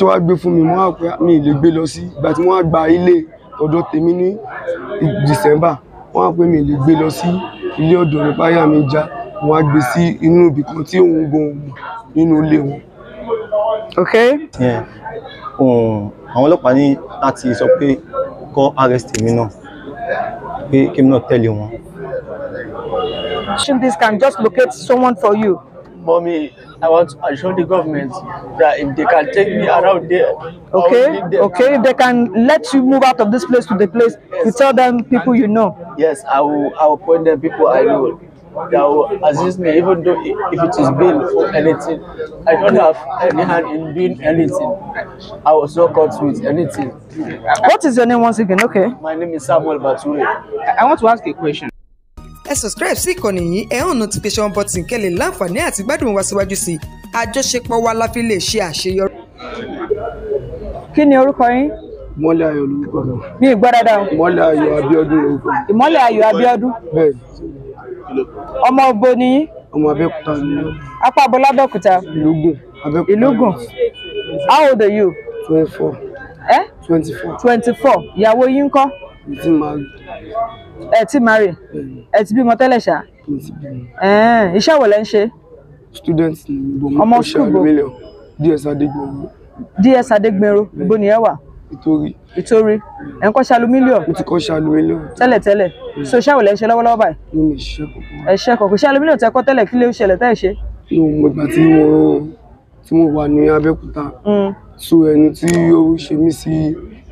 tí wọ́n á gbé fún mi mo wá pé mi lè gbé lọ sí ìgbà tí wọ́n gba ilé ọ̀dọ̀ tèmi ní December wọ́n á mi lè gbé lọ sí ilé ọ̀dọ̀ nípa yà mi já wọ́n á gbé sí inú ibì kan tí òun gan nínú ilé wọn. ok. àwọn ọlọ́pàá ní láti sọ pé kọ́ arrest mi náà pé kí mi náà tẹ̀lé wọn. this can just locate someone for you mommy, I want to show the government that if they can take me around there, okay, okay, if they can let you move out of this place to the place, yes. you tell them people you know. Yes, I will. I will point them people I know that will assist me, even though if it is bill for anything. I don't have any hand in doing anything. I was not caught with anything. What is your name once again? Okay. My name is Samuel Bature. I want to ask a question ẹ subscribe sí ìkànnì yìí ẹ hàn notification button kẹ́lẹ̀ láǹfààní àti gbádùn wa síwájú sí i àjọṣepọ̀ wa la fi lè ṣe àṣeyọrí. kí ni orúkọ yín. ìmọ́lẹ̀ ayọ̀ lórúkọ mi. mi ì gbọ́ dáadáa o. ìmọ́lẹ̀ ayọ̀ abíọ́dún lórúkọ mi. ìmọ́lẹ̀ ayọ̀ abíọ́dún. bẹ́ẹ̀ ọmọ ògbó ni yín. ọmọ abẹ́òkúta ni yín. apá abọ́lá abẹ́òkúta. ìlúgùn abẹ́òkúta. ìlúgùn how old are you. twenty four. ẹ eh? twenty four. twenty four ìyàwó yín ńkọ́. ìtì máa ẹ ti marry ẹ ti bímọ tẹ́lẹ̀ ṣá iṣẹ́ wo lẹ́ ń ṣe. student ọmọ ṣùgbọ́n ds adegbenro. ds adegbenro ibo ni ẹ wà. ìtorí. ìtorí ẹ ń kọ́ ṣàlùmílíọ̀. mo ti kọ́ ṣàlùmílíọ̀. tẹ́lẹ̀ tẹ́lẹ̀ mm. so iṣẹ́ wo lẹ́ ń ṣe lọ́wọ́lọ́wọ́ báyìí. mo lè ṣiṣẹ́ kọ̀ọ̀kan. ẹ ṣiṣẹ́ kọ̀ọ̀kan ṣàlùmílíọ̀ tẹ kọ́ tẹ́lẹ̀ kí lè ṣẹlẹ̀ tẹ́ ẹ ṣe. mo gbà tí mo tí mo wà ní Abẹ́òkúta mm. so ẹni tí ó ṣe mí sí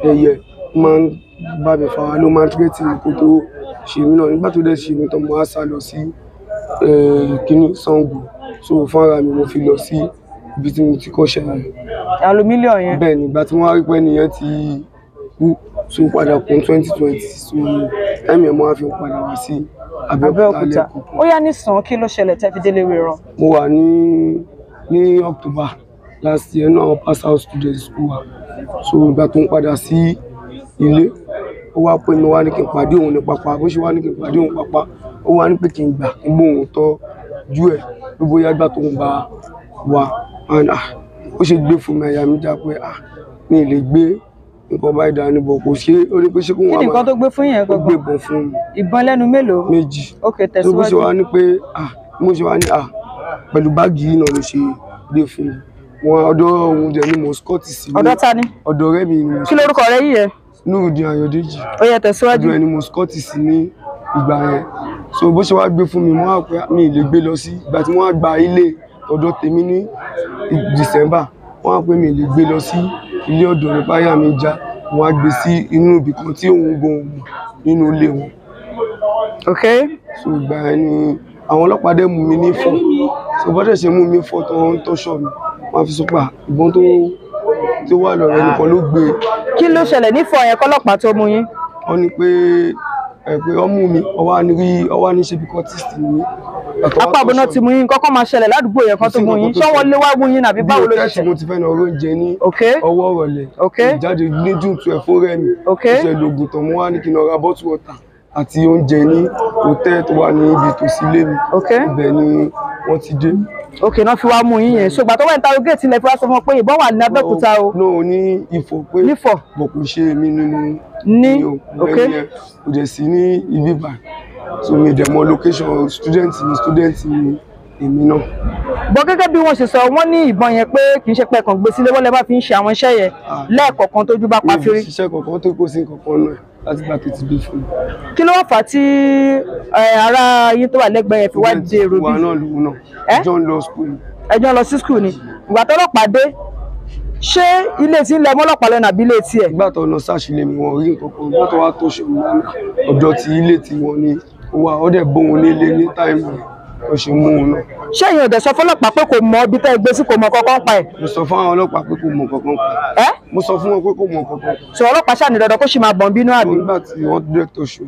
ẹyẹ máa ń bá mi fa ló máa ń tírètì kó tó ṣe mí náà nígbà tó dẹ̀ ṣe mí tán mo á sá lọ sí eh, kínní Ṣàngó so fúnra mi mo fi lọ sí ibi tí mo ti kọ́ṣẹ́ yẹn. alumílíọ̀ yẹn. bẹ́ẹ̀ ni ìgbà tí wọ́n á rí pé nìyẹn ti kú so padà kún twenty twenty so ẹ̀mí ẹ̀ mo á fi padà wá sí Abẹ́òkúta ó yá ní sàn kí ló ṣẹlẹ̀ tẹ́ fi délé wéran. mo wà ní ní October last year náà pass out students school wa so ìgbà tó ń padà sí ilé ó wá pè mí wá ní kí n pàdé òun ní pápá bó ṣe wá ní kí n pàdé òun pápá ó wá ní pé kí n gbà kí bó òun tọ́ ju ẹ̀ bí bóyá gbà tóun bá wà ah, ó ṣe gbé fún mi àyà mi já pé ah, mi lè gbé nǹkan báyìí dání bọ̀ kò ṣe é ó ní pé ṣé kó wọn máa kí nǹkan tó gbé fún yẹn gbọgbọ ó gbé bọ̀ fún mi. ìbọn lẹ́nu mélòó. méjì ok tẹ̀síwájú ló ah, bó ṣe wá ní pé mo ṣe wá ní pẹ̀lú báàgì yìí náà ló ṣe gbé fún mi wọn ọ̀dọ̀ òun dẹ ni mo scott sí. ọ̀dọ̀ ta ni. ọ̀dọ̀ ọ̀rẹ́ mi ni. kí lorúkọ rẹ yìí yẹn. Nurudeen Ayọ̀dèjì ó yá tẹ̀síwájú ìlú ẹni mo scotty sí ní ìgbà yẹn so bó ṣe wá gbé fún mi mo wá pé mi lè gbé lọ sí ìgbà tí wọ́n á gba ilé ọ̀dọ̀ tèmi ní December wọ́n á pé mi lè gbé lọ sí ilé ọ̀dọ̀ nípa yà mi já wọ́n á gbé sí inú ibì kan tí òun gan nínú ilé wọn. ok so ìgbà yẹn ni àwọn ọlọ́pàá dẹ̀ mú mi ní fọ́ so bọ́dẹ̀ ṣe mú mi fọ́ tó ń tọ́ṣọ̀ mi wọ́n á fi sọ pé ìbọn tó tó wà lọ́rẹ́ nìkan ló gbé e. kí ló ṣẹlẹ̀ nífọ̀ yẹn kọ́lọ́pàá tó mú yín. wọ́n ní pé ẹ pé ọmú mi ọwọ́ á ní rí ọwọ́ á ní ṣe bí kọ́tìsì ni mí. apá àbọ̀nà ti mú yín kọ́kọ́ máa ṣẹlẹ̀ ládùúgbò yẹn kan tó mú yín ṣọ́wọ́ lé wá mú yín àbí báwo ló ṣe. mo ti fẹ́ na oróúnjẹ ní ọwọ́ rọ̀lẹ́ ìjáde ní june twelve fún rẹ́mi ìṣẹ̀lẹ̀ ògùn tó mú wá ní kí n ra bottle water àti oúnjẹ ní hòtẹ́ẹ̀lì wà ní ibi tòsí ilé mi ibẹ̀ ni wọ́n ti dé òkè náà fi wá mú yín yẹn ṣùgbọ́n tó wà ní taro gate ilẹ̀ fúra sọ fún ọ pé ìbọn wà ní abẹ́òkúta o. no ní ifo pé nífọ̀ mo kò ṣe mí nínú ní òkè kò dẹ̀ sí ní ibi bá so mi dẹ̀ mọ location student mi student mi èmi náà. bọ́ gẹ́gẹ́ bí wọ́n ṣe sọ wọ́n ní ìbọn yẹn pé kì í ṣe pẹ́ẹ̀kan gbé sílé wọ́n lẹ́ bá fi ń ṣe àwọn iṣẹ́ yẹn ah. lẹ́ẹ̀kọ̀ọ̀kan tójú bá pa fírí. mi ò ṣiṣẹ́ kankan tó kó sí kankan náà. As gbà tó ti bí fún mi. kí ló wà fà á tí ara yín tó wà lẹ́gbẹ̀ẹ́ yẹn fi wá dé èrò bí. ìwà náà lòun náà ẹjọ́ ń lọ skul. ẹjọ́ ń lọ sí skul ni ìgbà tọ́lọ́pàá dé ṣé ilé tí ń lẹ mọ́lọ́pàá lẹ́nu àbí ilé tiẹ̀. nígbà tó lọ sáṣìlẹ̀ mi wọ́n rí nǹkan kan nígbà tó wá tó ṣòro lánàá ọ̀dọ̀ ti ilé tiwọn ni wà ọ́ bóun nílé ní táìmù yẹn ó ṣe mú un náà. ṣé èyàn ò dẹ̀ sọ fọlọ́pàá pé kò mọ ibi tẹ́ ẹ gbé sí kò mọ kankan pa ẹ̀. mo sọ fún àwọn ọlọ́pàá pé kò mọ kankan pa ẹ̀. mo sọ fún wọn pé kò mọ kankan. sọ ọlọ́pàá ṣàní dandan kó ṣì máa bọ̀n bínú àbí. nígbà tí wọ́n dẹ́tọ̀ ṣù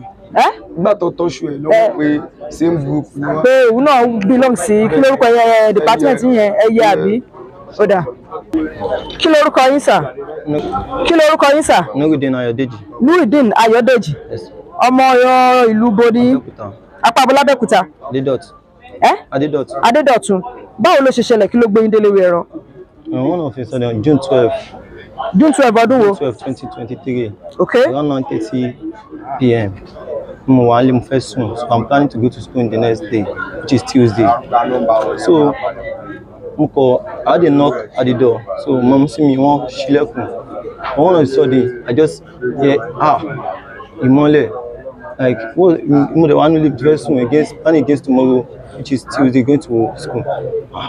ẹ̀. nígbà tó tọ́ṣù ẹ̀ lọ́wọ́ pé same group ni wá. pé òun náà belong sí kí lórúkọ yẹn department yẹn ẹyẹ àbí ó dà kí lórúkọ yín sà kí lórúkọ yín sà. Nurudeen Ayọ̀dèjì. Nurudeen Ayọ̀dèjì ọmọ ọyọ ìlú bodi apá Eh? Adédọ̀tun báwo ló ṣe ṣẹlẹ̀ kí ló gbé yín délé ìwé ẹran. one of us on June twelve. June twelve ọdún wo. June twelve twenty twenty three. okay around nine thirty pm mo wà nílé mo fẹ́ sùn so i'm planning to go to school in the next day which is Tuesday so mo kọ i had knock at the door so mom see me wọ́n ṣílẹ̀kùn on one of i just hear ah ìmọ́lẹ̀ like what mo dey wan leave very soon against And against tomorrow which is tuesday going to school ah,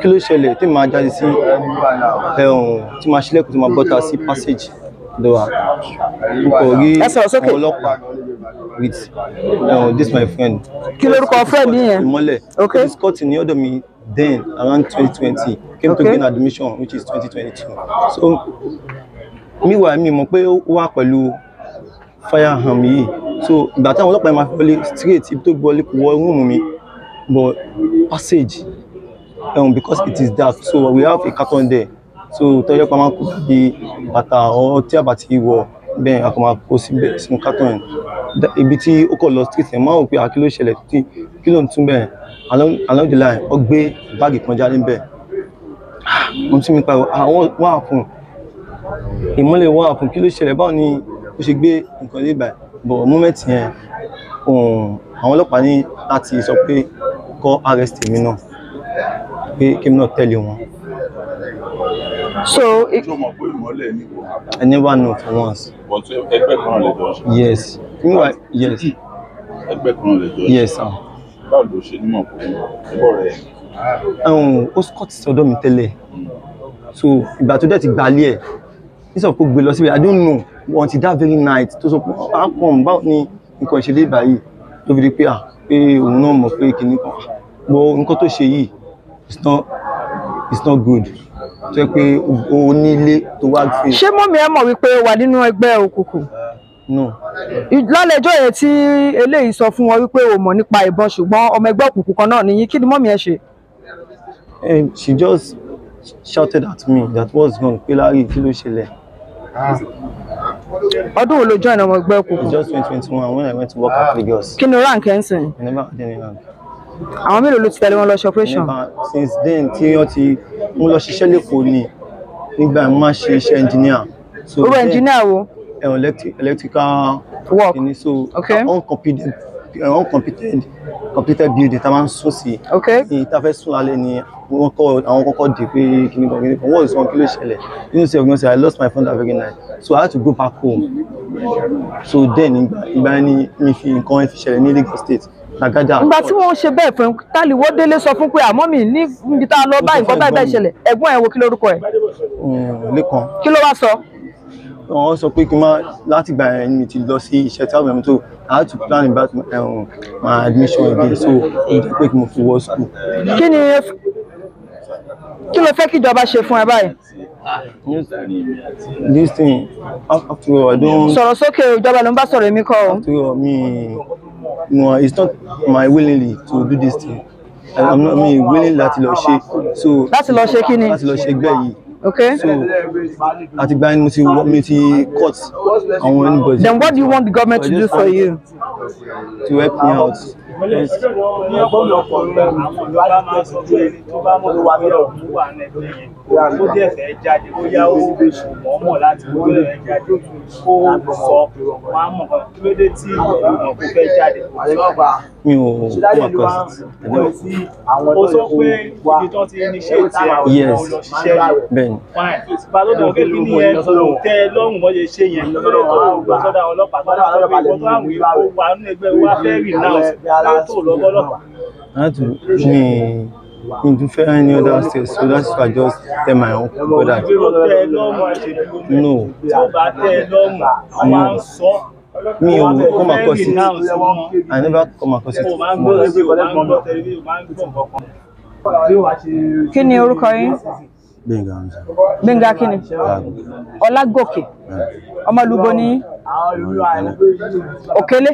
kí ló ṣẹlẹ̀ tí màá jáde sí um, tí màá ṣílẹ̀kùn tí màá bọ́ta sí passage lọ́wọ́ kò rí àwọn with um, this my friend. kí lorúkọ friend yẹn. ìmọ̀lẹ̀ okay this court ní ọ̀dọ̀ mi then around 2020 came okay. to gain admission which is 2022. so meanwhile mi mọ̀ pé ó wà pẹ̀lú fire ham yìí so ìgbà táwọn ọlọ́pàá yẹn máa wọlé straight ibi tó wọlé kò wọ rúùmù mi but passage um, because it is dark so we have a carton there so tọ́jú ọ̀pá máa ń kó bí bàtà ọ̀ tí a bá ti wọ̀ bẹ́ẹ̀ a kò máa kó síbẹ̀ sínú carton yẹn ibi tí ó kọ̀ lọ street yẹn máa ń wò pé àkí ló ṣẹlẹ̀ tí kí ló ń tún bẹ́ẹ̀ along the line ó gbé báàgì kan jáde níbẹ̀ ah, mo tún mi pa àwọn wà fún ìmọ́lẹ̀ wà fún kí ló ṣẹlẹ̀ báwo ni ó ṣe gbé nǹkan dé báyìí but moment yẹn àwọn ọlọ́pàá ní láti sọ pé kó arrest mi náà pé kí mi náà tẹ̀lé wọn. so I never know for once. but ẹgbẹ́ kan lè jọ ṣe. yes meanwhile yes. ẹgbẹ́ kan lè jọ ṣe. yes sir. báwo ló ṣe nímọ̀ pé ẹgbọ́ rẹ̀. ó scott sọ́dọ̀ mi tẹ́lẹ̀ so ìgbà tó dẹ̀ ti gbalẹ̀ ẹ̀ nísọ̀ kó gbé lọ síbẹ̀ I don't know until that very night to so, pé how ah, come báwo ni nǹkan ìṣẹ̀lẹ̀ ìbáyìí tó fi di pé à ah, pé òun náà mọ̀ pé kìnnì kan gbọ́ nǹkan tó ṣe yìí it's not it's not good tó yẹ pé o nílé tó wá fi. ṣé mọ́mí ẹ mọ̀ wípé o wà nínú ẹgbẹ́ òkùnkùn? no. lálẹ́jọ́ yẹn tí eléyìí sọ fún wọn wípé o mọ̀ nípa ìbọn ṣùgbọ́n ọmọ ẹgbẹ́ òkùnkùn kan náà nìyí kí ni mọ́mí ẹ ṣe? Um, she just shouted at me that was gone pé láàrin kí ló ọdún wo ló join ọmọ ẹgbẹ́ òkùnkùn. just twenty twenty one when i went to work at Lagos. kí ni rank ẹ̀ i never had any rank. àwọn mélòó ló ti tẹ̀lé wọn lọ ṣe operation. since then tí wọ́n ti mú lọ ṣiṣẹ́ lẹ́kọ̀ọ́ ni nígbà mo máa ṣe iṣẹ́ engineer. so owó engineer wo. Eh, electrical work so okay. i wan wọn completed completed building tá a máa ń sùn sí ní tá a ni wọ́n kọ́ àwọn kọ́kọ́ dì pé kíní kan kíní kan wọ́n sọ kí ló ṣẹlẹ̀ nínú ṣe ọgbọ́n sọ I lost my phone that very night so I had to go back home so then ìgbà ni mi fi nǹkan fi ṣẹlẹ̀ ní Lagos state nàgájà. ìgbà tí wọ́n ṣe bẹ́ẹ̀ fún táliwọ́ sọ fún pé àmọ́ ah, mi níbi tá a lọ bá nǹkan báyìí bẹ́ẹ̀ ṣẹlẹ̀ ẹ̀gbọ́n ẹ̀ wo kí lórúkọ ẹ̀. lẹ́kàn. kí ló wá sọ wọ́n sọ pé kí n má láti gbà ẹ̀ mi ti lọ sí iṣẹ́ travel mi tó I had to plan about my, um, my admission again so ó jẹ́ pé kí mo fi wọ school. kí ni kí ló fẹ́ kí ìjọba ṣe fún ẹ báyìí. this thing after all I don't. sọ̀rọ̀ sókè ìjọba ló ń bá sọ̀rọ̀ èmi kọ́ o. after all mi no it's not my willingly to do this thing I'm not me willing láti lọ ṣe so. láti lọ ṣe kí ni. láti lọ ṣe gbẹ́ yìí. Okay. So at the grind multi multi cut on anybody. Then what do you want the government to do for you? To help me out. Yes tó dẹ̀ fẹ́ jáde bóyá ó mọ̀ọ́mọ̀ láti kó tó lẹ̀ jáde kó sọ wọn á mọ̀ kan kí ló dé tí èèyàn kò fẹ́ jáde kò sọ́ọ̀bà mi ò wà kọ́ sí ó sọ pé ibi tó ti ní ṣé ìta àwọn ọmọ lọ ṣiṣẹ́ yẹn balódò pé kí ni ẹ tẹ lọ́rùn wọ́n ṣe yẹn lọ́dọ̀ tó gbà sọ́dọ̀ àwọn ọlọ́pàá tó wà lọ́pàá tó wà wí wà nínú ẹgbẹ́ wa fẹ́ẹ́ rìn náà tó lọ́gọ́lọ́pàá into fair any other state so that's why I just tell my uncle brother. no no me o no come across it I never come across it once. kí ni orúkọ yín. Gbẹ̀ngà Hamza. Gbẹ̀ngà kíni? Ọlágòkè. Ọmọlúbo ní Òkélé.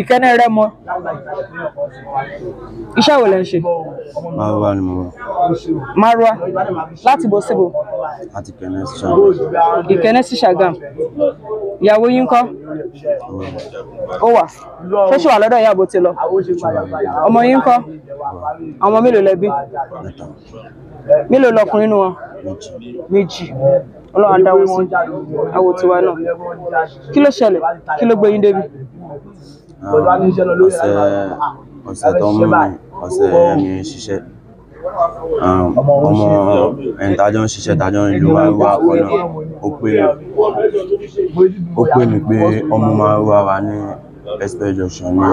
Ìkẹ́nẹ́ rẹ mọ. Iṣẹ́ wo lẹ ń ṣe? Márúwá ni mo wà. Márúwá láti bo síbo. Láti Kẹ́nẹ́ sí Ṣàgàm. Ìkẹ́nẹ́ sí Ṣàgàm ìyàwó yín kọ́ ó wà ṣé ṣì wà lọ́dọ̀ ìyá àbò ti lọ ọmọ yín kọ́ ọmọ mélòó lẹ́bí mélòó lọkùnrin nínú wọn méjì ọlọ́run adáwọ̀ sí àwọ̀ tiwa náà kí ló ṣẹlẹ̀ kí ló gbé débi. ọ̀sẹ̀ ọ̀sẹ̀ tó ń mú ọ̀sẹ̀ mi ṣiṣẹ́. Um, ọmọ ẹ̀ńtájọ́ ń ṣiṣẹ́ tájọ́ ń lo arúgbó akọ́nà ó pè ó pè mí pé ọmọ máa wá wa ní express junction ní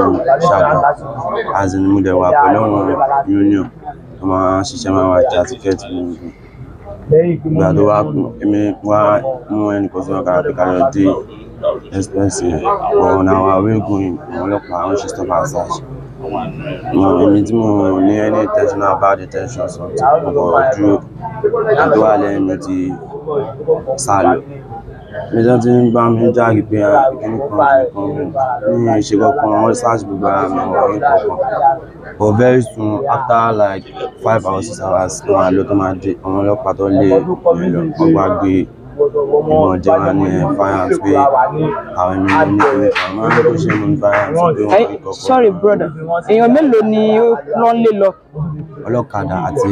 ṣàgbọ́n as in mo dẹ̀ wà pẹ̀lú àwọn union tó máa ń ṣiṣẹ́ máa wá já tíkẹ́ẹ̀tì gbogbo ìgbà tó wá kù èmi wá mú ẹnìkan sọ̀rọ̀ kára pé kára dé express yẹn ọ̀nà àwọn awégun ìwọ̀n ọlọ́pàá ń ṣe stop and search èmi tí mo ní any intention about detention something ọkọ̀ ojú àti wà lẹ́yìn mi ti sá lọ níjọ́ tí ń bá mi jáde pé ah, kíní kan kíní kan ní ìṣe kankan wọ́n search gbogbo ara mi wọ̀nyí kankan but very soon after like five or six hours wọn àlọ́ tó máa dé àwọn ọlọ́pàá tó lé mi lọ wọ́n gbá gbé ìmọ̀ jẹ́ wa ní finance pé àwọn èmi ní ní àwọn máa ń tó ṣe mú finance pé wọ́n fi kọ̀ọ̀kan. Eh, sorry brother èèyàn mélòó ni ó rán lé lọ. ọlọ́kadà àti.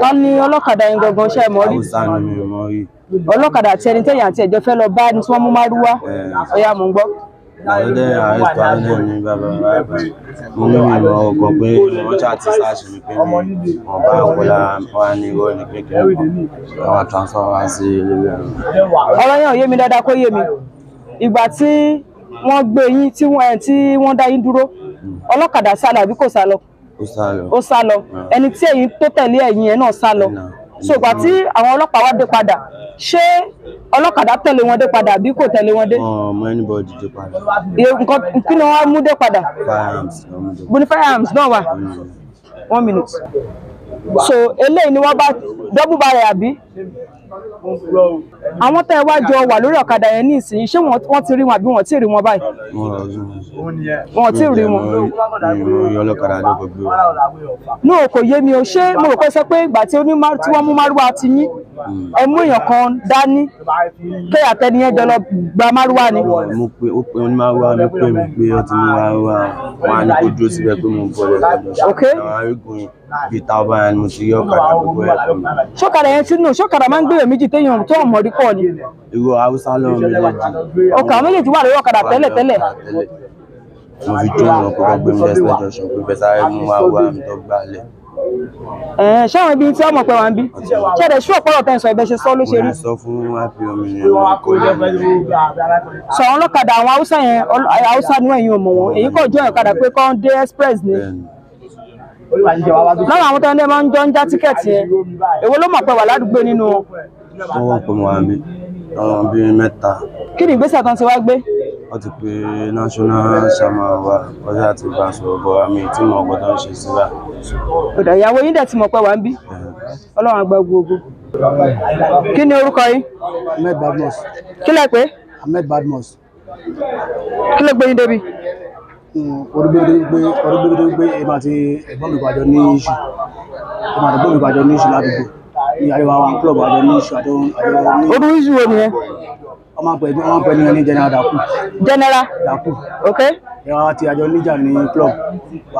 wọ́n ní ọlọ́kadà yẹn gangan ṣe é mọ́ rí. haúsá ni mi mọ́ rí. ọlọ́kadà àti ẹni tẹ̀yìn àti ẹ̀jọ́ fẹ́ lọ bá ẹni tí wọ́n mú márúwá ọ̀yà eh. mò ń gbọ́ lọ́dẹ àìsàn àìlẹ̀ ní bàbá bàbá mo ní ìmọ̀ ọkọ̀ pé wọ́n ṣàti sáàṣì mi pé mi wọ́n bá ọkọ̀ lára wa ní ìwọ ní kékeré kan àwọn transfer wá sí ilé rẹ̀. ọ̀rọ̀ yẹn ò yé mi dáadáa kó yé mi ìgbà tí wọ́n gbé yín tí wọ́n eh, tí wọ́n dá yín dúró hmm. ọlọ́kadà sálọ àbí kò sálọ. ó sálọ. Hmm. ẹni tí ẹ̀yin tó tẹ̀lé ẹ̀yin ẹ̀ náà sálọ so ìgbà tí àwọn ọlọ́pàá wá dé padà ṣé ọlọ́kadà tẹ̀lé wọn dé padà àbí kò tẹ̀lé wọn dé. ọmọ anybody dé padà. nǹkan kí ni wọ́n mú dé padà. firearms náà mú dé firearms náà wà. Mm. one minute. so eléyìí ni wọ́n bá double barrel àbí àwọn tẹ́ ẹ wá jọ wà lórí ọ̀kadà yẹn ní ìsìn ṣé wọ́n ti rí wọn àbí wọ́n ti rí wọn báyìí. wọ́n ti rí wọn. ní o kò yé mi o ṣé mo rò pé sọ pé ìgbà tí wọ́n mú márúwá ti yín ẹ èèyàn kan dání kí àtẹniyẹn jọ lọ gba márúwá ni. mo pe ó pe onímárúwá mi pé mi pé ó ti mú márúwá wọn á ní kó dúró síbẹ̀ pé mo bọ̀ lẹ́ẹ̀kan lọ́sọ̀rọ̀ àwọn arígun yìí bíi táwọn ẹni mo ti yọ ọ̀kadà gbogbo ẹ̀ tó mi. ṣọ́kadà yẹn sínú ṣọ́kadà máa ń gbèrè méjì téèyàn tó ọmọ rí kọ́ ni. irú haúsá lọ́rùn méjèèjì. ọkà méjèèjì wà lórí ọ̀kadà tẹ́lẹ̀ tẹ́lẹ̀. mo fi jó wọn kó gbé mi lẹ́sìn ẹjọ́ sọ pé bẹ́sà ẹ̀ mú wa wá mi tó gbà lẹ̀. ṣáwọn ibi tí ọmọ pẹ wà ń bí ṣẹlẹ ṣú ọpọlọ tẹ sọ ẹbẹ ṣe sọ ló ṣe rí. sọ fún happy omi ni wọn kò yẹ. sọ àwọn ọlọ́kadà àwọn haúsá yẹn haúsá ni wọ́n èyí ò mọ̀ wọn èyí kò jọ ọ̀kadà pé kọ́ express ni lọ́wọ́ àwọn tẹ́lẹ̀ máa ń jọ ń já tíkẹ́ẹ̀tì yẹn èwo ló mọ̀ pé wà ládùúgbò nínú wọn. owó pé mo wà ń bí ọmọ bíi mẹ́ta. kí ni ìgbésẹ̀ kan ti wá gbé. wọ́n ti pe national sama wa ọjọ́ àti ìbáṣọ̀rọ̀ bọ̀ àmì tí mo gbọ́dọ̀ ń ṣe síra. ọ̀dà ìyàwó yín dẹ̀ ti mọ̀ pé wà ń bí ọlọ́run àgbà gbogbo. kí ni orúkọ yín. Ahmed Badmus. kí lẹ pé. Ahmed Badmus. kí lẹ gbé yín débi ọdún bẹ́ẹ̀ pé ọdún bẹ́ẹ̀ tó ń pé èmi àti ẹ̀gbọ́n mi gbàjọ ní iṣu èmi àti ẹ̀gbọ́n mi gbàjọ ní iṣu ládùúgbò ní àríwá wa club àjọ ní iṣu àjọ ní. ọdún iṣu wo nìyẹn. wọ́n máa ń pè ní wọ́n máa ń pè ní ẹni general daku. general daku. ok. ìyàwó àti àjọ níjà ní club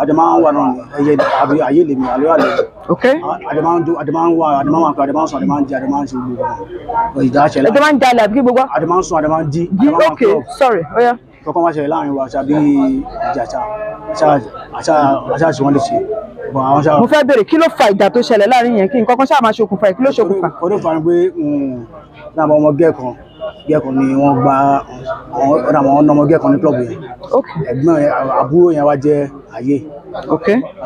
àjọ máa ń wà náà ẹyẹ àbí ayé lèmi àlọ́ àlẹ́. ok. àjọ máa ń dún àjọ máa ń wà àjọ máa ń wà pé àjọ máa ń sùn àjọ máa ń jí àjọ máa ń ṣe gbogbo ìdá àṣẹ láì. àjọ máa ń jalè àbí gbogbo. àjọ máa ń sùn àjọ máa ń jí. jí ok sorry. Oh, yeah kọ́kọ́ má ṣẹlẹ̀ láàrin wa ṣàbí ìjàṣà àṣà àṣì wọn lè ṣe. mo fẹ́ bèrè kí ló fa ìjà tó ṣẹlẹ̀ láàrin yẹn kí n kọ́kọ́ ṣáà máa ṣokùnfà kí ló ṣokùnfà. ó ló fa ni pé láàbọ̀ mm, ọmọ gẹ́ẹ̀kan gẹ́ẹ̀kan ni wọ́n gba ọ̀nàmọ̀ ọmọ gẹ́ẹ̀kan ní klọ́ọ̀bù yẹn ẹ̀gbọ́n àbúrò yẹn wá jẹ́ àyè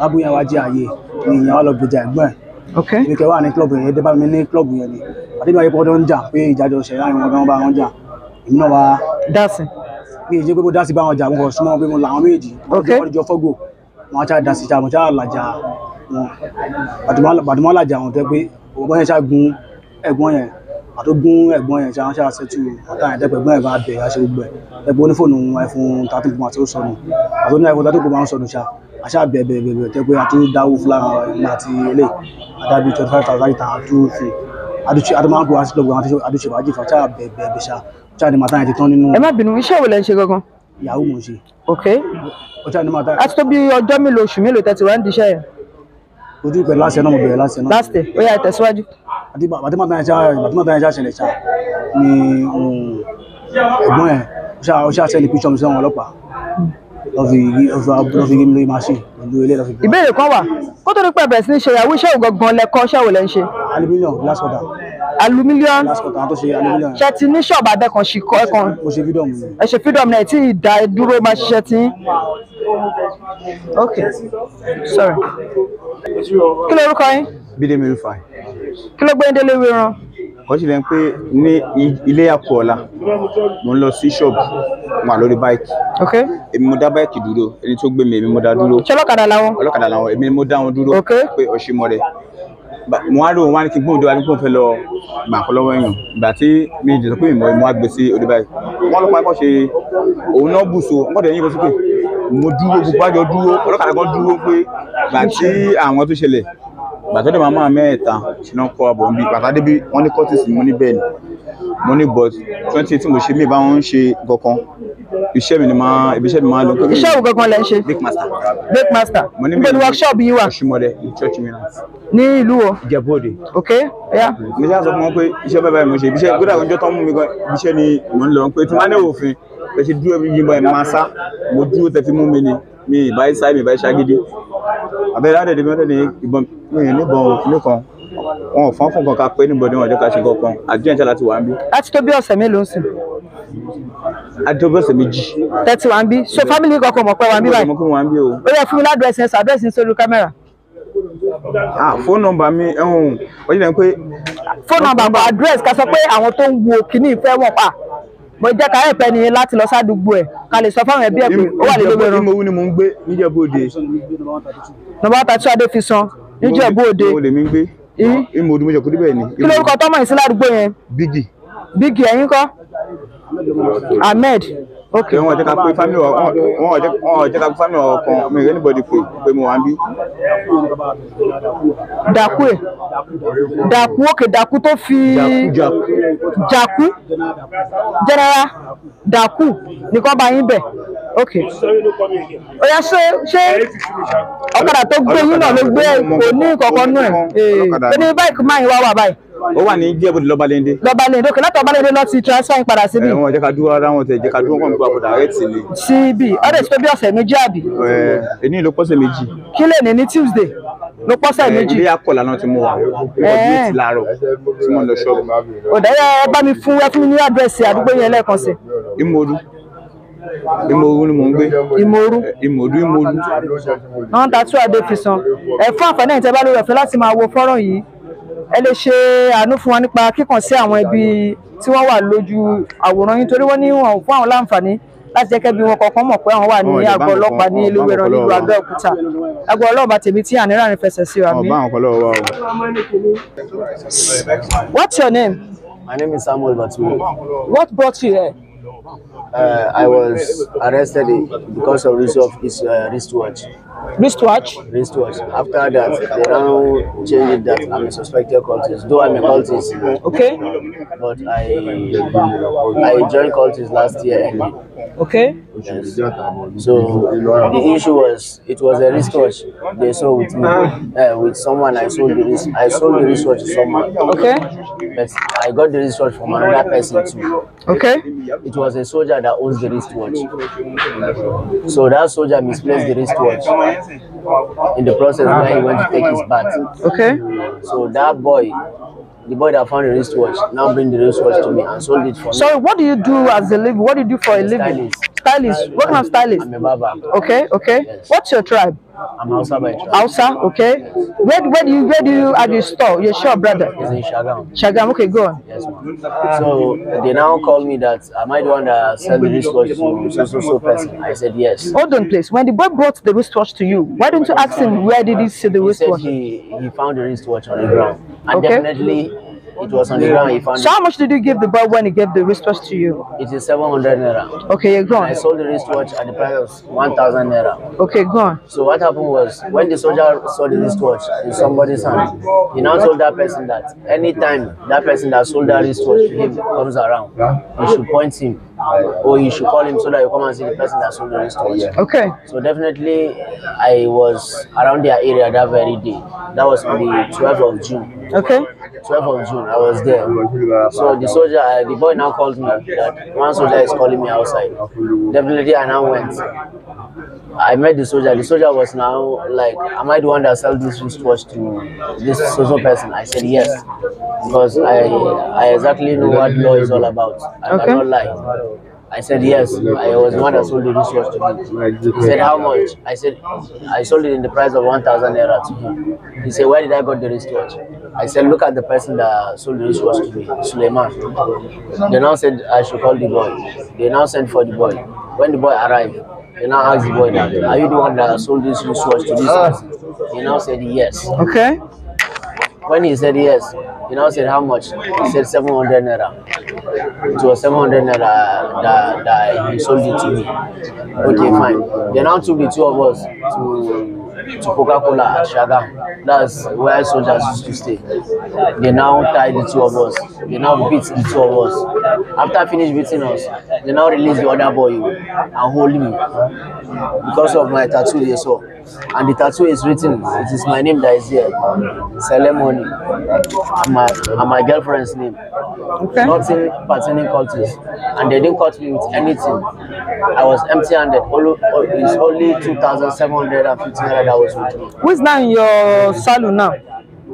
àbúrò yẹn wá jẹ́ àyè ni ìyẹn wá lọ gbèjà ẹ̀gbọ́n ẹ̀ okay èmi kẹ wà ní klọ́ọ̀bù yẹn débà mi ní klọ́ọ̀bù yẹn ni àti ìgbà ń jà pé ìjà jọ láàrin wọn gan-an bá wọn jà èmi náà dá sí i mi ìjẹ́ pé mo dá sí báwọn jà mo kàn súnmọ́ pé mo làwọn méjì wọ́n jọ fọ́gò wọn á ṣá dá sí ṣá mo ṣá làjà wọn bàtúmọ́ làjà wọn tẹ́ pé ọgbọ́n yẹn ṣá gun ẹ̀gbọ́n yẹn àti gun ẹ̀gbọ́n yẹn ṣá wọn ṣá ṣẹ́tù ọ̀tá yẹn tẹ́pẹ́ ẹ̀gbọ́n yẹn bá bẹ̀ yà ṣe gbogbo ẹ̀ ẹ̀gbọ́n onífòònù iPhone thirty pro àti ó sọnù àti oní iPhone thirty pro máa ń sọnù ṣá àṣà bẹ̀ẹ̀bẹ̀ bẹ̀ẹ̀bẹ̀ tẹ́ pé àti dáwó fúlàrà àti ilé àdábí twenty five thousand àti two fee àdúṣe àdúmọ̀ àgbò àti lọ́gbọ̀n àdúṣe àdúṣe bàjẹ́ fàṣà bẹ̀ẹ̀bẹ̀ ṣáàdì màtá yẹn ti tán nínú. ẹ má bínú iṣẹ́ wo lẹ ń ṣe gangan. ìyàwó mò ń ṣe. ok ṣáàdì màtá. a ti tó bí ọjọ́ mélòó oṣù mélòó tẹ́tí wá ń diṣẹ́ yẹn. ojú ìpè láṣẹ náà mo bẹ̀rẹ̀ láṣẹ náà. láṣẹ ó yá tẹ̀síwájú. àti bàtí màtá yẹn ṣá ṣẹlẹ̀ ṣá ni mm, ẹ̀gbọ́n ẹ̀ ó ṣá sẹ́ni píṣọ́ mi sẹ́wọ̀n ọlọ́pàá lọ fi gé mi lórí machine pẹ̀lú ilé lọ fi bọ́. ìbéèrè kan wà kó tó ní pẹ̀bẹ̀ sí ní ṣe ìyàwó iṣẹ́ ògangan lẹ́kọ́ iṣẹ́ òwò lẹ́ ń aluminium ṣe ti ní ṣọ̀bà abẹ́ kan ṣì kọ́ ẹ̀kan ẹ ṣe freedom náà tí ìdá dúró máa ṣiṣẹ́ tí ok sorry kí lorúkọ yín. bídèmí rúfàì. kí ló gbé ń délé wíran kọ́ sílẹ̀ pé ní ilé àpò ọ̀la mo ń lọ sí ṣọ́ọ̀bù mo wà lórí báìkì èmi mo dá báìkì dúró ẹni tó gbé mi èmi mo dá dúró ṣọlọ́kadà làwọn ọlọ́kadà làwọn èmi mo dá wọn dúró pé ọ̀ṣìmọ̀ rẹ̀ mo wá rí òun wá ní kí n gbóhùn dé wá ní kí n fẹ́ lọ gbà kọ́ lọ́wọ́ èèyàn ìgbà tí mi ì jẹ́sọ́ pé ìmọ̀ ìmọ̀ àgbẹ̀ sí òde báyìí wọ́n lọ́pàá kọ́ ṣe òun náà bù so wọ́n dẹ̀ yín bọ́ sókè mo dúró gbogbo àjọ dúró ọlọ́kadà kan dúró pé gbà tí àwọn tó ṣẹlẹ̀ gbà tó dẹ̀ máa máa mẹ́ẹ̀ta ṣìnà kọ́ àbọ̀ nbí pàtàdé bí wọ́n ní kọ́tìsì mo ní bẹ́ẹ̀ ni mo ní bọ́t twenty eight mo ṣe mí bá wọn ṣe kankan iṣẹ́ mi ni máa ibi iṣẹ́ mi máa lọ. iṣẹ́ wo gangan lẹ ń ṣe. bake master. bake master. mo ní mi ní workshop yìí wà. Òṣùmọ̀lẹ̀ ní church mi náà. ní ìlú wo. Ìjẹ̀bú Òde. ok ya. mo ṣe àṣọ fún wọn pé iṣẹ́ bẹ́ẹ̀ báyìí mo ṣe ibi iṣẹ́ gbọ́dọ̀ àwọn ọjọ́ tó ń mú mi gan ibi iṣẹ́ ni mo ń lọ pé tí máa ní òfin bẹ́ẹ̀ ṣe dúró mi yín báyìí máa sá mo dúró tẹ́ mú mi ni mi ìbáyìí sá mi ìbáyìí ṣagídí àbẹ̀rẹ̀ wọn ò fọ́n fún kankan pé níbo ni wọn jọ ká ṣe kankan àdúyẹ̀ntà láti wà ń bí. láti tó bí ọ̀sẹ̀ mélòó ń sìn. àti tó bí ọ̀sẹ̀ méjì. tẹ́tí wà ń bí so family kankan mọ̀ pé wà ń bí báyìí. mo kí wọn wà ń bí o. ó yẹ fún mi ládùúgbò ẹsẹ̀ àdúrẹ́sì ń sórí kámẹ́rà. ah fóònù nọ́mbà mi ẹhùn o yẹ pé. fóònù nọ́mbà bọ̀ àdúrẹ́sì ká sọ pé àwọn tó ń wo kinní ìfẹ́ wọn pa mo jẹ́ ká ẹ̀pẹ́ ni láti lọ sádùúgbò ẹ̀ ká lè sọ fáwọn ẹbí ẹ̀ pé ó wà nílé gbẹ̀rún. ìmọ̀wé ni mo ń gbé níjẹ̀bú òde. nọ́mbà tàtúwádé fi san níjẹ̀bú òde ìmọ̀ òdì mọ̀jọ̀ kò dé bẹ́ẹ̀ ni. kí lórúkọ tọ́mọ yìí sí ládùúgbò yẹn. bígì. bígì ẹ̀yin kọ́. ahmed. ok wọn ò jẹ́ ká pé fámì wọn ò jẹ́ ká pé fámì wọn kan mi ò anybody pé pé mo wà ń bí. dàkú ẹ dàkú òkè dàkú tó fi. jàkú jẹnẹra dàkú nìkan bá yín bẹ̀ okay ó yá ṣé ṣé ọ̀kadà tó gbé yín náà ló gbé kò ní kankan nù ẹ̀ ó ní báyìí máa ń wá wà báyìí. ó wà ní Ìjẹ̀bú lọ́balẹ́ndé. lọ́balẹ́ndé ok látọ̀ lọ́balẹ́ndé lọ ti transfer yín padà síbí. ẹ̀wọ̀n jẹ́ ká dúró ara wọn tẹ̀ jẹ́ ká dúró wọn gbọ́ àbúdá rẹ̀ tì ní. síbí ọ̀dẹ̀ tó bí ọ̀sẹ̀ méjì àbí. ẹ̀ ẹ̀ ní ló pọ́sẹ̀ méjì. kí lè ní ní Tuesday ló pọ́sẹ̀ méjì. ilé akọ̀là náà ti mú wa ọdún ti láàárọ̀ tí wọ́n lọ ṣọ́ọ̀bù. ọ̀dà yẹ bá mi fún ẹ fún mi ní àdírẹ́sì àdúgbò yẹn lẹ́ẹ̀kan sí. imodu Ìmòru ni mò ń gbé. Ìmòru. Ìmòru eh, Ìmòru. Àwọn tàtú Adéfisàn. Ẹ fún àǹfààní ẹ̀yin tẹ́ bá lórí ọ̀fẹ́ láti máa wo fọ́nrán yìí. Ẹ lè ṣe àánú fún wa nípa kíkàn sí àwọn ẹbí tí wọ́n wà lójú àwòrán yín torí wọ́n ní wọn fún àwọn láǹfààní láti jẹ́ kẹ́bí wọn kọ̀ọ̀kan mọ̀ pé àwọn wà ní àgọ́ ọlọ́pàá ní Ẹlẹ́wẹ̀ẹ́ran nílùú Abẹ́òkúta àgọ́ ọlọ́pàá tèmi tí ànírà rìn fẹsẹ̀ sí wa What's your name? My name is Samuel Batuwe. What brought you here? Uh, I was arrested because of use of his uh, wristwatch. Wristwatch? Wristwatch. After that, they now changed that I'm a suspected cultist, though I'm a cultist. Okay. But I I joined cultist last year. Okay. Yes. So the issue was it was a wristwatch they saw with me, uh-huh. uh, with someone I sold the wrist, I sold the wristwatch to someone. Okay. But I got the wristwatch from another person too. Okay. It it was a soldier that owns the wristwatch. So that soldier misplaced the wristwatch in the process when he went to take his bath. Okay. So that boy, the boy that found the wristwatch, now bring the wristwatch to me and sold it for so me. So what do you do as a living? What do you do for a, a living? Stylist. stylish. What kind of stylist? I'm a barber. Okay, okay. Yes. What's your tribe? I'm Hausa by tribe. Hausa, okay. Where, where do you where do you at your store? Your shop, brother? It's in Shagam. Shagam, okay, go on. Yes, ma'am. So they now call me that I might want to sell the wristwatch to so so so person? I said yes. Hold on, please. When the boy brought the wristwatch to you, why don't you ask him where did he see the he wristwatch? Said he, he found the wristwatch on the ground. And okay. definitely It was on the ground. He found so how much did you give the boy when he gave the wristwatch to you? It is 700 naira. Okay, you're gone. And I sold the wristwatch at the price of 1,000 naira. Okay, gone. So what happened was when the soldier saw the wristwatch in somebody's hand, he now told that person that anytime that person that sold that wristwatch to him comes around, he should point him or oh, you should call him so that you come and see the person that sold the wristwatch. Yeah. Okay. So definitely, I was around their area that very day. That was on the 12th of June. Okay. 12th of June, I was there. So the soldier, uh, the boy now called me that one soldier is calling me outside. Definitely, I now went. I met the soldier. The soldier was now like, "Am I the one that sell this wristwatch to this social person?" I said yes, because I I exactly know what law is all about. I do not lie. I said, yes, I was the one that sold the resource to him. He said, how much? I said, I sold it in the price of 1,000 naira to him. He said, where did I got the wristwatch? I said, look at the person that sold the wristwatch to me, Suleiman. They now said, I should call the boy. They now sent for the boy. When the boy arrived, they now asked the boy, are you the one that sold this wristwatch to this person? He now said, yes. Okay. When he said yes, he now said how much? He said 700 naira. It was 700 naira that, that he sold it to me. Okay, fine. They now took the two of us to to Coca-Cola at Shagam. That's where soldiers used to stay. They now tied the two of us. They now beat the two of us. After finish beating us, they now release the other boy and hold me because of my tattoo they saw and the tattoo is written. It is my name that is here. Ceremony. And my and my girlfriend's name. Okay. Nothing pertaining cultures. And they didn't cut me with anything. I was empty-handed. Only it's only two thousand seven hundred and fifty naira that was written. Who is now in your salon now?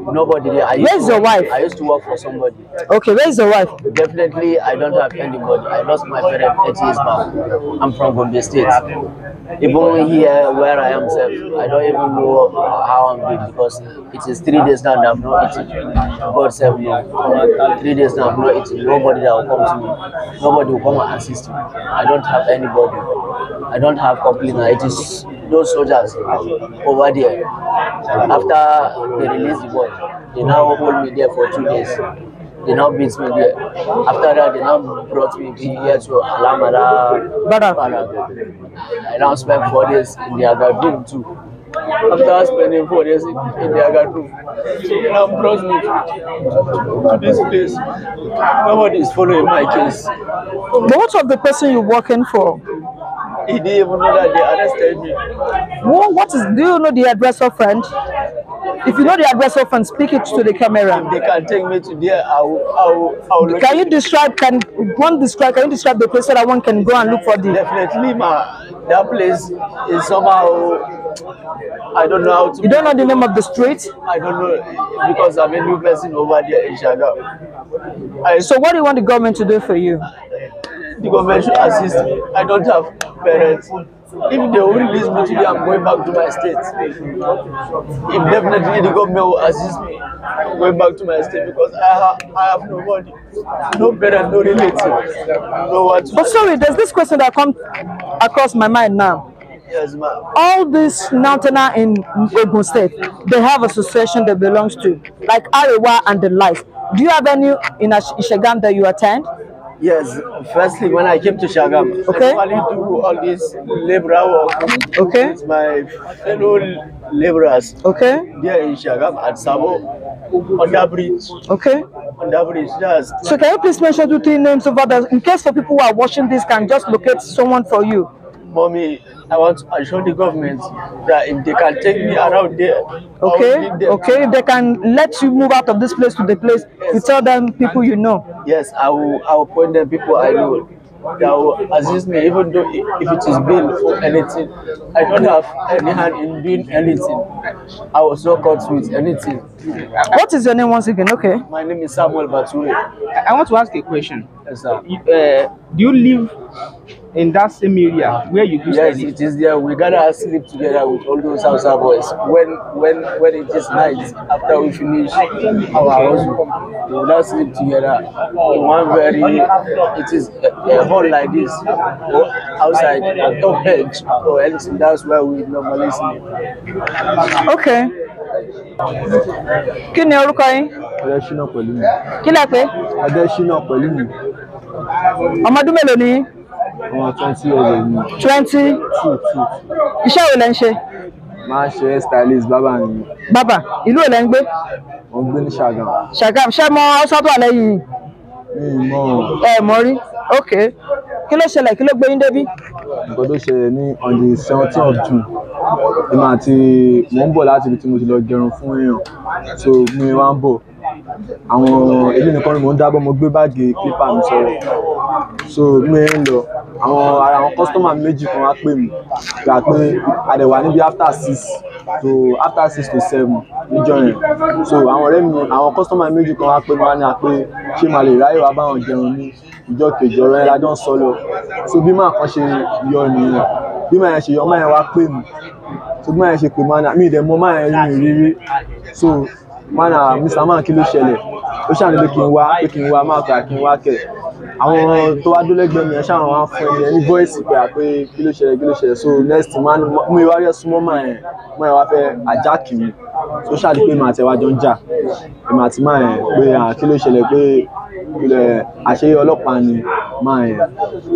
Nobody. I Where's your wife? I used to work for somebody. Okay, where's your wife? Definitely, I don't have anybody. I lost my parents 8 years back. I'm from Gombe State. Even here, uh, where I am, self, I don't even know how I'm doing because it is three days now that I'm not eating. God save me. Three days now I'm not eating. Nobody that will come to me. Nobody will come and assist me. I don't have anybody. I don't have company. It is those soldiers over there. After they released the boy, they now hold me there for two days. They now beat me there. After that, they now brought me here to Alamara. Para. I now spent four days in the other room too. After spending four days in, in the Agadim, so they now brought me to, to this place. Nobody is following my case. But what of the person you're working for? He didn't even know that they arrested me. Well, what is, do you know the address of friend? If you know the address of friend, speak it to the camera. If they can take me to there, I will, I will, I will Can you describe, can one describe, can you describe the place so that one can go and look for the... Definitely, ma. That place is somehow, I don't know how to... You don't know the name of the street? I don't know, because I'm a new person over there in Shagam. So what do you want the government to do for you? the government should assist me. I don't have parents. If they will release me today, I'm going back to my state. If definitely the government will assist me, I'm going back to my state because I, ha I have no money, no parent, no relative, no one. But sorry, there's this question that comes across my mind now. Yes, ma'am. All these Nantana in Ogun State, they have association they belongs to, like Arewa and the like. Do you have any in Ishagam that you attend? Yes, firstly, when I came to Shagam, okay. I do all this labor work okay. with my fellow laborers. Okay. There in Shagam at Sabo, on that bridge. Okay. On that bridge, yes. So, can you please mention two, three names of others in case for people who are watching this can just locate someone for you? Mommy, I want to assure the government that if they can take me around there, okay, okay, if they can let you move out of this place to the place, yes. you tell them people you know. Yes, I will. I will point them people I know that will assist me, even though if it is bill for anything. I don't have any hand in doing anything. I was not caught with anything. What is your name once again? Okay. My name is Samuel Bature. I want to ask a question. Yes, sir. uh, do you live in that same area where you do yes it is there we gotta sleep together with all those hausa boys when when when it is night after we finish our hustle we will now sleep together in one very it is a, a hall like this outside on top edge or anything that's where we normally sleep. okay kí ni orúkọ yín. adésínà pẹ̀lú mi. kí lẹ pé. adésínà pẹ̀lú mi. ọmọ mélòó ni àwọn twenty years old twenty iṣẹ́ wo lẹ ń ṣe. máa ṣe stylist bábà ni. bábà ìlú ò lẹ ń gbé. mo ń gbé ní Ṣàgàm. Ṣàgàm ṣé mọ Hausa tó wà lẹ́yìn yìí. ẹ mọ rí ok kí ló ṣẹlẹ̀ kí ló gbé yín débí. nǹkan tó ṣẹlẹ̀ ní on the seventeen of June èmi àti mò ń bọ̀ láti ibi tí mo ti lọ gẹrun fún èèyàn so mi wá ń bọ̀ àwọn èmi nìkan ni mò ń dábọ̀ mo gbé báàgì clipper mi sọ̀rọ̀ so mi ń lọ àwọn ara àwọn customer méjì kan wá pè mí gbà pé àdẹ̀wà níbi after six to after six to seven níjọ yẹn so àwọn ọ̀rẹ́ mi àwọn customer méjì kan wá pè mí wá ní àpé ṣé màá lè ráyè wá báwọn jẹun ní ìjọ kejì ọ̀rọ̀ ẹ̀ lájọ́ ń sọ lọ so bí màá kan ṣe yọ nìyẹn bí màá yẹn ṣe yọ máa yẹn wá pè mí so bí màá yẹn ṣe pè mí wá ní àmì ìdẹ̀mọ́ máa yẹn rí mi rírí so mana mr man kí ló ṣẹlẹ̀ ó ṣàmì pé kí n wá pé kí n wá máa kà kí n wá kẹ̀ àwọn tó wá dólẹ́gbẹ̀ẹ́ mi ẹ̀ ṣáà wọ́n á fún ẹni ẹni voice pé àpé kí ló ṣẹlẹ̀ kí ló ṣẹlẹ̀ so next man mú ìwà rẹ̀ súnmọ́ mà ẹ̀ mọ́ ẹ̀ wá fẹ́ ajá kiri tó ṣàlì pé màá tẹ̀wájọ́ ń jà ẹ̀ màá ti má ẹ̀ pé kí ló ṣẹlẹ̀ pé ilẹ̀ àṣeyẹ ọlọ́pàá ni máa yẹn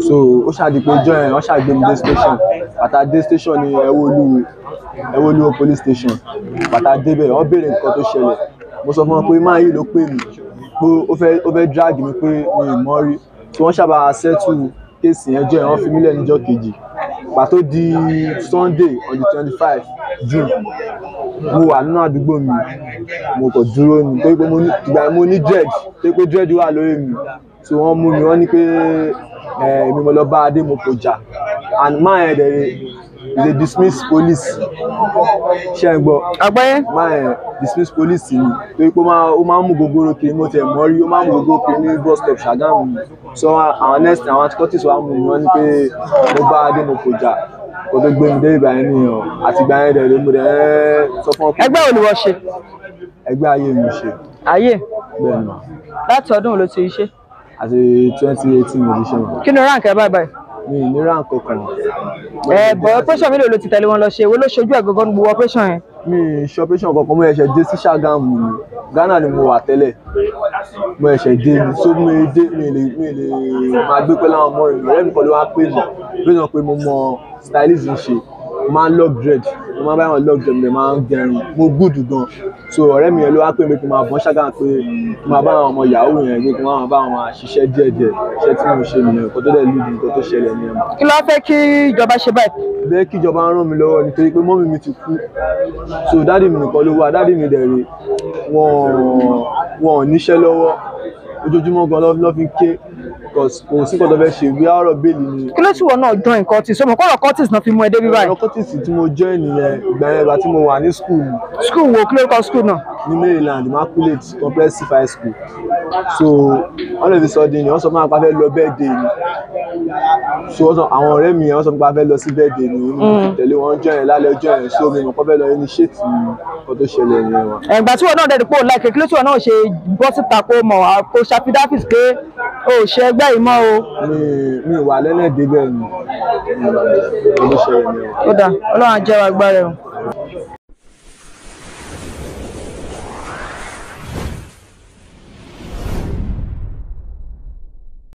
so ó ṣàdìpé jọ yẹn wọ́n ṣàgbé mi dé station àtàdé station ni ẹ̀wọ́ olúwo ẹwọ olúwo police station bàtà débẹ̀ wọ́n béèrè nǹkan tó ṣẹlẹ̀ mo sọ fún wọn pé máa yìí ló pè mí pé ó fẹ́ ó fẹ́ drag mi pé mi ì mọ̀ rí tí wọ́n sábà ṣẹ́tù kéèsì yẹn jẹ́ wọ́n fi mí lẹ̀ níjọ́ kejì pàtó di sunday on the twenty five june mo wà nínú àdúgbò mi mo kò dúró ni torí pé ìgbà mo ní dread torí pé dread wà lórí mi tí wọ́n mú mi wọ́n ní pé èmi mo lọ bá adé mo kò jà and máa yẹn dẹ̀ they dismiss police ṣe ń gbọ́. àgbáyé. máa ẹ eh, dismiss police ni torí pé ó máa ń mú gogoro kiri mo tẹ̀ mọ́ rí ó máa ń mú gogoro kiri ní bus stop Ṣàgámù so àwọn next àwọn anticotis wa mú mi wọ́n ní pé mo bá Adémọ̀pọ̀ jà kó tó gbé mi dé ìgbà yẹn nìyẹn àti ìgbà yẹn dẹ̀ ló mú dẹ̀ eh, sọ fún ọkùnrin. ẹgbẹ́ olùwọ́ ṣe. ẹgbẹ́ ayé mi ṣe. ayé. bẹ́ẹ̀ ni ma. láti ọdún wo ló ti ṣe. àti twenty eighteen mo ti ṣe. kí ni rank ẹ báyìí báyìí mi ì nira nǹkan kan. ẹ bọ operation mélòó ló ti tẹ̀lé wọn lọ ṣe wo ló ṣojú ẹ̀ gangan gbogbo operation yẹn. mi ì ṣe operation kankan mo ẹ̀ṣẹ̀ dé sí Ṣàgámù ni Ghana ni mo wà tẹ́lẹ̀ mo ẹ̀ṣẹ̀ dé ni so mi dé mi lè mi lè máa gbé pẹ́ láwọn ọmọ rẹ̀ ọ̀rẹ́ mi kọ́ ló wá pè mí pé mo mọ stylist ń ṣe mo máa ń lock dread mo máa ń bá wọn lock dread mo máa ń gẹrun mo gùdù gan so ọ̀rẹ́ mi yẹn ló wá pè mí kí n máa bọ́n ṣáká pé kí n máa bá àwọn ọmọ yahoo yẹn pé kí n máa bá àwọn ṣiṣẹ́ díẹ̀ díẹ̀ iṣẹ́ tí mo ṣe nìyẹn kó tó dẹ̀ lùdì nǹkan tó ṣẹlẹ̀ nìyẹn. kí ló fẹ́ kí ìjọba ṣe báyìí. bẹ́ẹ̀ kí ìjọba ràn mí lọ́wọ́ nítorí pé mọ́mí mi ti kú so dáàdì mi nìkan ló wà dáàdì mi dẹ̀ rè wọ́n wọ́n níṣẹ́ lọ́wọ́ ojoojúmọ́ gan lọ́ fi ń ké kò sí nǹkan fẹ́ ṣe wí àárọ̀ bẹ́ẹ̀lì ni. kí ló ti wọ̀ náà join Curtis ọmọ kọ́rọ̀ Curtis náà fi mú ẹ débi báyìí. ọ̀rọ̀ Curtis tí mo join nìyẹn ìgbà yẹn ìgbà tí mo wà ní school. school wo kí ló kọ school náà. ní Maryland Immaculate Comprehensive High School so all of a sudden wọ́n sọ fún wa pé a fẹ́ lọ birthday ni so wọ́n sọ àwọn ọ̀rẹ́ mi wọ́n sọ pé a fẹ́ lọ sí birthday ni mm. tẹ̀lé wọn jọ yẹn lálẹ́ ọjọ́ yẹn so mi mọ̀ kọ́ fẹ́ lọ initiate nǹkan tó ṣẹlẹ̀ yẹn wa. ẹ̀gbà tí wọn náà dẹ̀ pé òun láìpẹ́ kí ló tí wọn náà ṣe bọ́ síta kó mọ̀ kó ṣàfidáfì pé o ò ṣe ẹgbẹ́ yìí mọ́ o. mi mi wà lẹ́lẹ́dẹ́ bẹ́ẹ̀ ni ó dà ọlọ́run á jẹ́ wa gbára